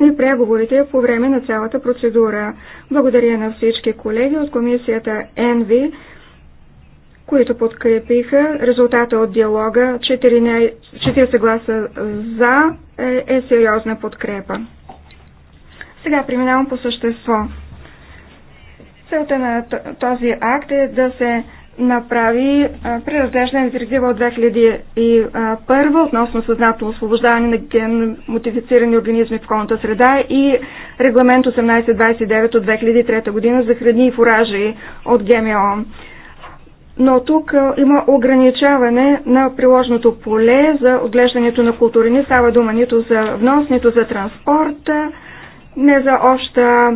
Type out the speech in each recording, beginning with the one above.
улесни преговорите по време на цялата процедура. Благодаря на всички колеги от комисията ЕНВИ, които подкрепиха резултата от диалога 40 гласа за е, е сериозна подкрепа. Сега преминавам по същество. Целта на този акт е да се направи преразглеждане на директива от 2001 относно съзнато освобождаване на генно мотифицирани организми в околната среда и регламент 1829 от 2003 година за храни и фуражи от ГМО. Но тук има ограничаване на приложното поле за отглеждането на култури. Не става дума нито за внос, нито за транспорт, не за обща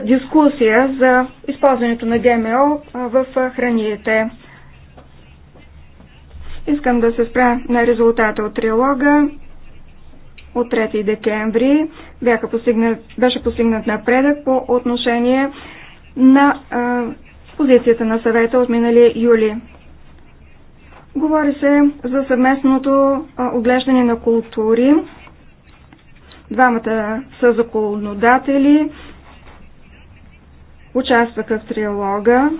дискусия за използването на ГМО в храните. Искам да се спра на резултата от трилога. От 3 декември бяха постигнат, беше постигнат напредък по отношение на а, позицията на съвета от миналия юли. Говори се за съвместното оглеждане на култури. Двамата са законодатели участваха в триалога.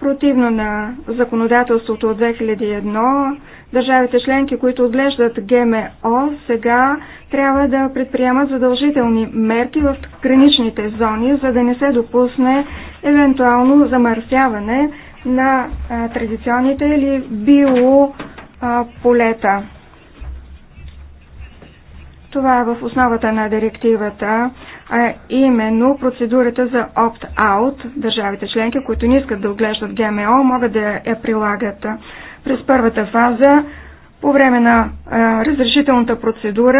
Противно на законодателството от 2001, държавите членки, които отглеждат ГМО, сега трябва да предприемат задължителни мерки в граничните зони, за да не се допусне евентуално замърсяване на а, традиционните или биополета. Това е в основата на директивата а именно процедурата за опт-аут. Държавите членки, които не искат да отглеждат ГМО, могат да я прилагат. През първата фаза, по време на а, разрешителната процедура,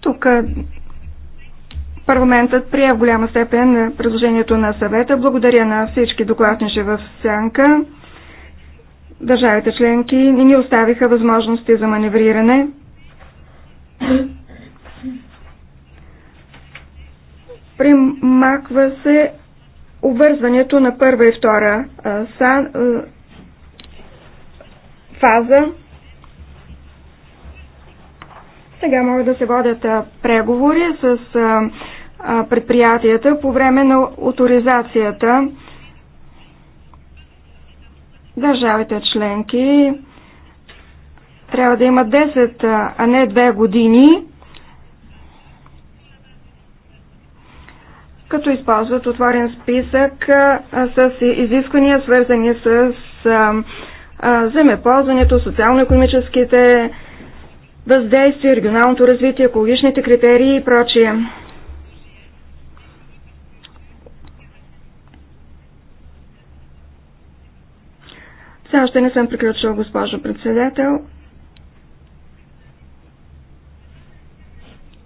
тук парламентът прие в голяма степен предложението на съвета. Благодаря на всички докладнише в Сянка. Държавите членки не ни оставиха възможности за маневриране. Примаква се обвързването на първа и втора фаза. Сега могат да се водят преговори с предприятията по време на авторизацията. Държавите членки трябва да има 10, а не 2 години, като използват отворен списък с изисквания, свързани с земеползването, социално-економическите въздействия, регионалното развитие, екологичните критерии и прочие. Все още не съм приключила, госпожо председател.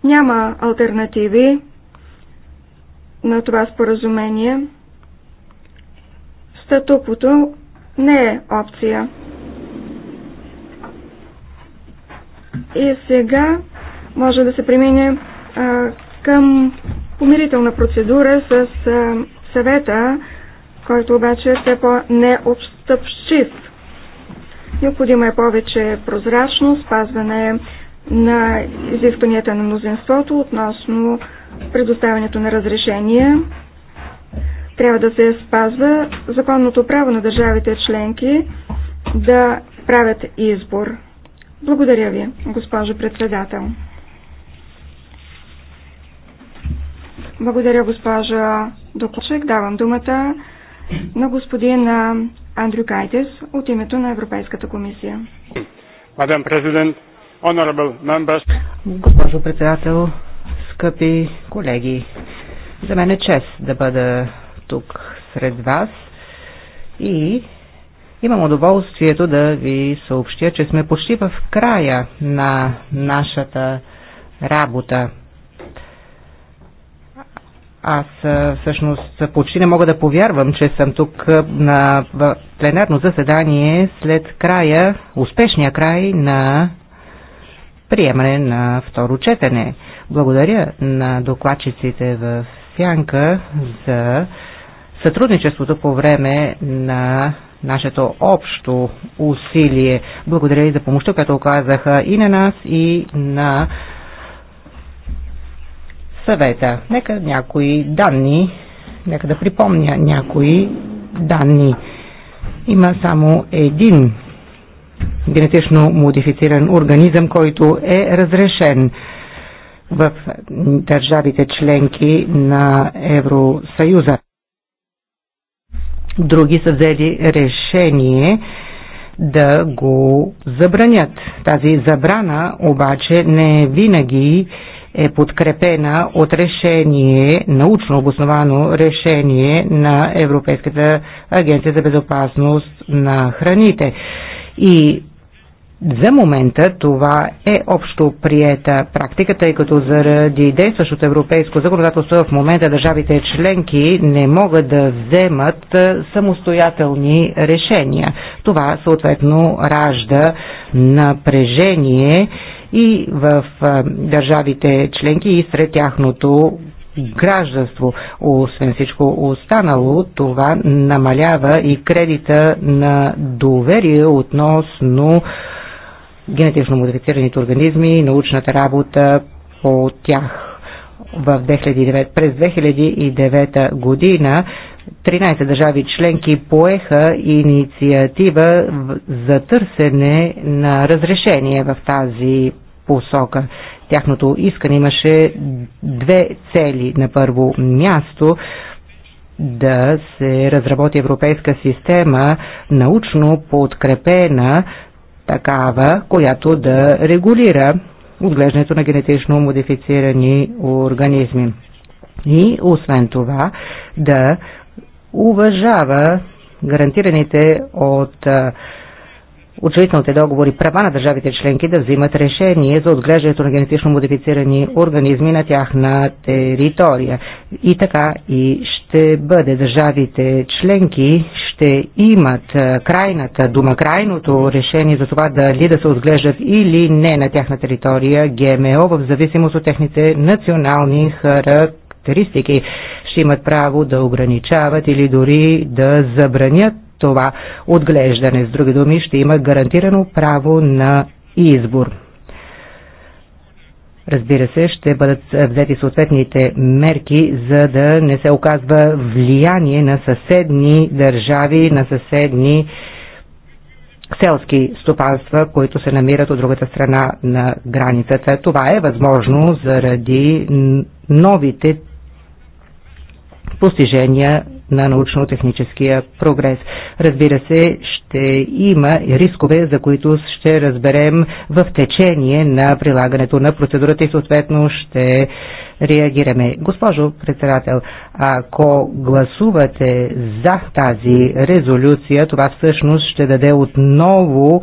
Няма альтернативи на това споразумение. Статуквото не е опция. И сега може да се премине а, към помирителна процедура с а, съвета, който обаче е все по-необстъпщив. Необходима е повече прозрачност, спазване на изискванията на мнозинството относно предоставянето на разрешения. Трябва да се спазва законното право на държавите членки да правят избор. Благодаря ви, госпожо председател. Благодаря, госпожа Докушек. Давам думата на господин Андрю Кайтес от името на Европейската комисия. Мадам президент, Госпожо председател, скъпи колеги, за мен е чест да бъда тук сред вас и Имам удоволствието да ви съобщя, че сме почти в края на нашата работа. Аз всъщност почти не мога да повярвам, че съм тук на пленарно заседание след края, успешния край на приемане на второ четене. Благодаря на докладчиците в Сянка за сътрудничеството по време на нашето общо усилие. Благодаря и за помощта, която оказаха и на нас, и на съвета. Нека някои данни, нека да припомня някои данни. Има само един генетично модифициран организъм, който е разрешен в държавите членки на Евросъюза. Други са взели решение да го забранят. Тази забрана обаче не винаги е подкрепена от решение, научно обосновано решение на Европейската агенция за безопасност на храните. И за момента това е общо приета практика, тъй като заради действащото европейско законодателство в момента държавите членки не могат да вземат самостоятелни решения. Това съответно ражда напрежение и в държавите членки и сред тяхното гражданство. Освен всичко останало, това намалява и кредита на доверие относно генетично модифицираните организми и научната работа по тях. В 2009, през 2009 година 13 държави членки поеха инициатива за търсене на разрешение в тази посока тяхното искане имаше две цели. На първо място да се разработи европейска система, научно подкрепена такава, която да регулира отглеждането на генетично модифицирани организми. И освен това да уважава гарантираните от учредителните договори права на държавите членки да взимат решение за отглеждането на генетично модифицирани организми на тяхна територия. И така и ще бъде. Държавите членки ще имат крайната дума, крайното решение за това дали да се отглеждат или не на тяхна територия ГМО в зависимост от техните национални характеристики. Ще имат право да ограничават или дори да забранят това отглеждане. С други думи, ще има гарантирано право на избор. Разбира се, ще бъдат взети съответните мерки, за да не се оказва влияние на съседни държави, на съседни селски стопанства, които се намират от другата страна на границата. Това е възможно заради новите постижения на научно-техническия прогрес. Разбира се, ще има рискове, за които ще разберем в течение на прилагането на процедурата и съответно ще реагираме. Госпожо председател, ако гласувате за тази резолюция, това всъщност ще даде отново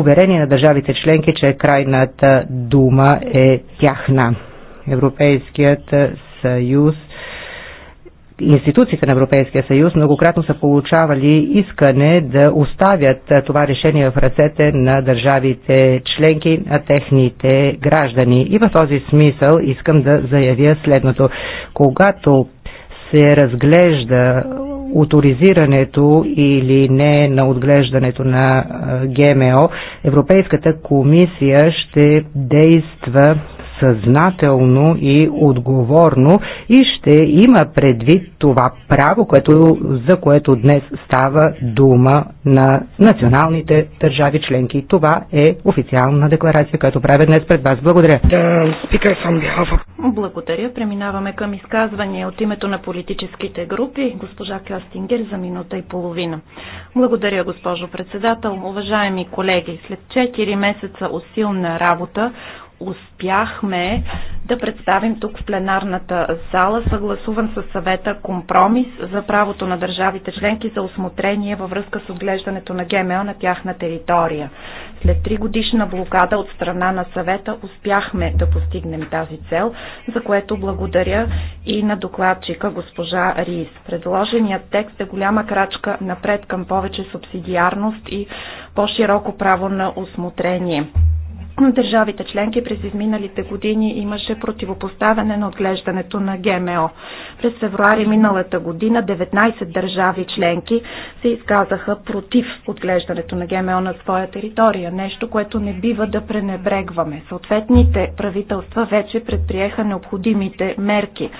уверение на държавите членки, че крайната дума е тяхна. Европейският съюз институциите на Европейския съюз многократно са получавали искане да оставят това решение в ръцете на държавите членки, на техните граждани. И в този смисъл искам да заявя следното. Когато се разглежда Оторизирането или не на отглеждането на ГМО, Европейската комисия ще действа съзнателно и отговорно и ще има предвид това право, което, за което днес става дума на националните държави членки. Това е официална декларация, която правя днес пред вас. Благодаря. Благодаря. Преминаваме към изказвания от името на политическите групи. Госпожа Кастингер за минута и половина. Благодаря, госпожо председател. Уважаеми колеги, след 4 месеца усилна работа, успяхме да представим тук в пленарната зала съгласуван с съвета компромис за правото на държавите членки за осмотрение във връзка с отглеждането на ГМО на тяхна територия. След три годишна блокада от страна на съвета успяхме да постигнем тази цел, за което благодаря и на докладчика госпожа Рис. Предложеният текст е голяма крачка напред към повече субсидиарност и по-широко право на осмотрение държавите членки през изминалите години имаше противопоставяне на отглеждането на ГМО. През февруари миналата година 19 държави членки се изказаха против отглеждането на ГМО на своя територия, нещо, което не бива да пренебрегваме. Съответните правителства вече предприеха необходимите мерки.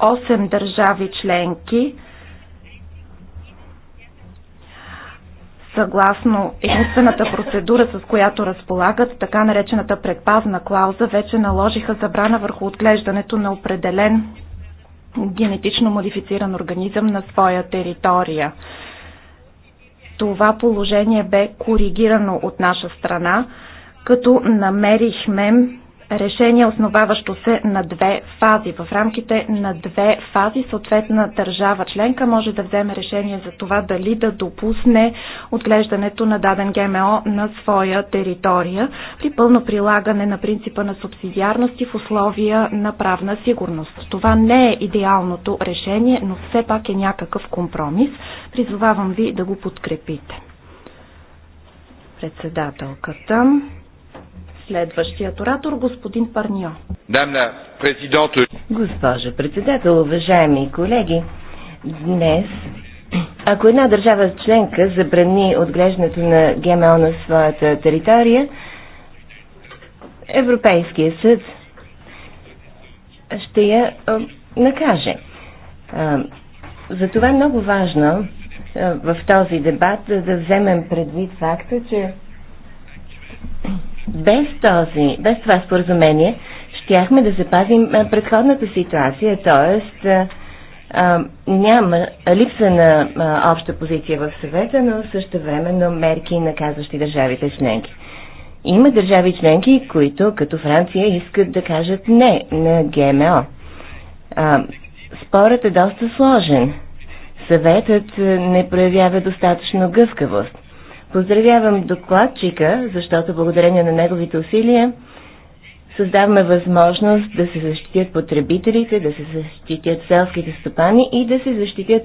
8 държави членки Съгласно единствената процедура, с която разполагат, така наречената предпазна клауза вече наложиха забрана върху отглеждането на определен генетично модифициран организъм на своя територия. Това положение бе коригирано от наша страна, като намерихме решение, основаващо се на две фази. В рамките на две фази съответна държава членка може да вземе решение за това дали да допусне отглеждането на даден ГМО на своя територия при пълно прилагане на принципа на субсидиарност и в условия на правна сигурност. Това не е идеалното решение, но все пак е някакъв компромис. Призовавам ви да го подкрепите. Председателката. Следващият оратор, господин Парньо. Дамна Госпожа председател, уважаеми колеги, днес, ако една държава членка забрани отглеждането на ГМО на своята територия, Европейския съд ще я а, накаже. А, затова е много важно а, в този дебат да вземем предвид факта, че без, този, без това споразумение щяхме да запазим предходната ситуация, т.е. няма липса на а, обща позиция в съвета, но също времено мерки наказващи държавите членки. Има държави членки, които, като Франция, искат да кажат не на ГМО. А, спорът е доста сложен. Съветът не проявява достатъчно гъвкавост. Поздравявам докладчика, защото благодарение на неговите усилия създаваме възможност да се защитят потребителите, да се защитят селските стопани и да се защитят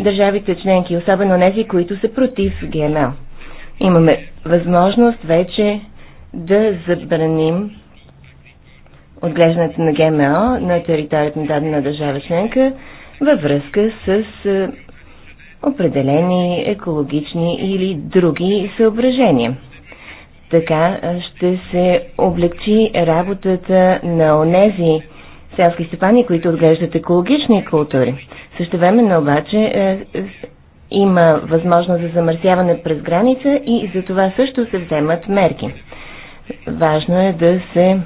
държавите членки, особено тези, които са против ГМО. Имаме възможност вече да забраним отглеждането на ГМО на територията на дадена държава членка във връзка с е, определени екологични или други съображения. Така ще се облегчи работата на онези селски стопани, които отглеждат екологични култури. Същевременно обаче е, е, има възможност за замърсяване през граница и за това също се вземат мерки. Важно е да се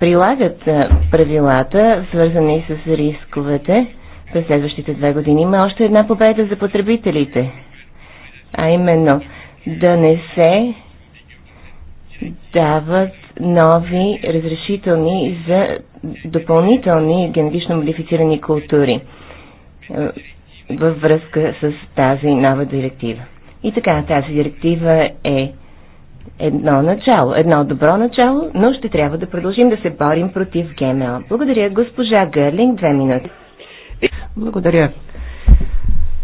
прилагат е, правилата, свързани с рисковете, през следващите две години. Има още една победа за потребителите, а именно да не се дават нови разрешителни за допълнителни генетично модифицирани култури е, във връзка с тази нова директива. И така, тази директива е едно начало, едно добро начало, но ще трябва да продължим да се борим против ГМО. Благодаря, госпожа Гърлинг, две минути. Благодаря.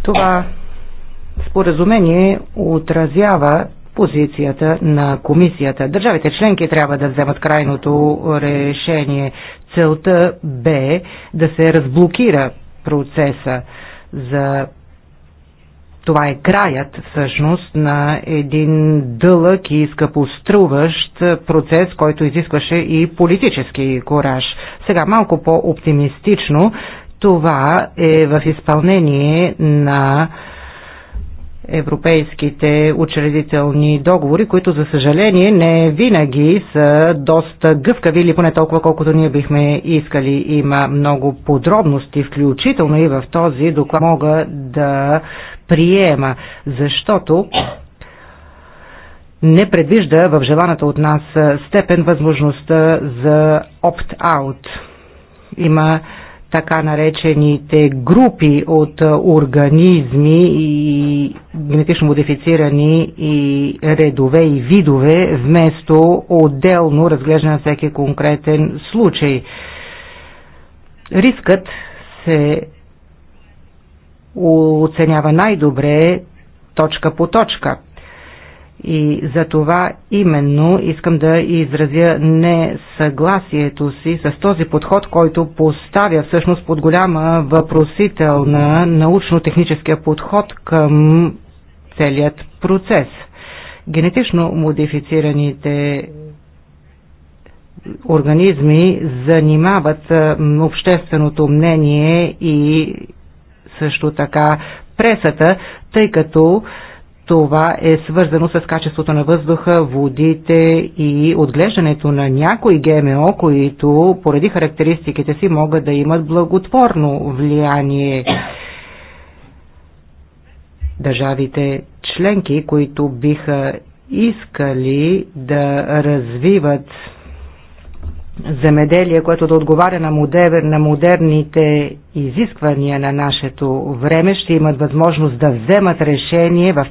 Това споразумение отразява позицията на комисията. Държавите членки трябва да вземат крайното решение. Целта бе да се разблокира процеса за това е краят всъщност на един дълъг и скъпоструващ процес, който изискваше и политически кораж. Сега малко по-оптимистично това е в изпълнение на европейските учредителни договори, които за съжаление не винаги са доста гъвкави или поне толкова колкото ние бихме искали. Има много подробности, включително и в този доклад мога да приема, защото не предвижда в желаната от нас степен възможността за опт-аут. Има така наречените групи от организми и генетично модифицирани и редове и видове, вместо отделно разглеждане на всеки конкретен случай. Рискът се оценява най-добре точка по точка. И за това именно искам да изразя несъгласието си с този подход, който поставя всъщност под голяма въпросител на научно-техническия подход към целият процес. Генетично модифицираните организми занимават общественото мнение и също така пресата, тъй като това е свързано с качеството на въздуха, водите и отглеждането на някои ГМО, които поради характеристиките си могат да имат благотворно влияние. Държавите членки, които биха искали да развиват земеделие, което да отговаря на, модер, на модерните изисквания на нашето време, ще имат възможност да вземат решение в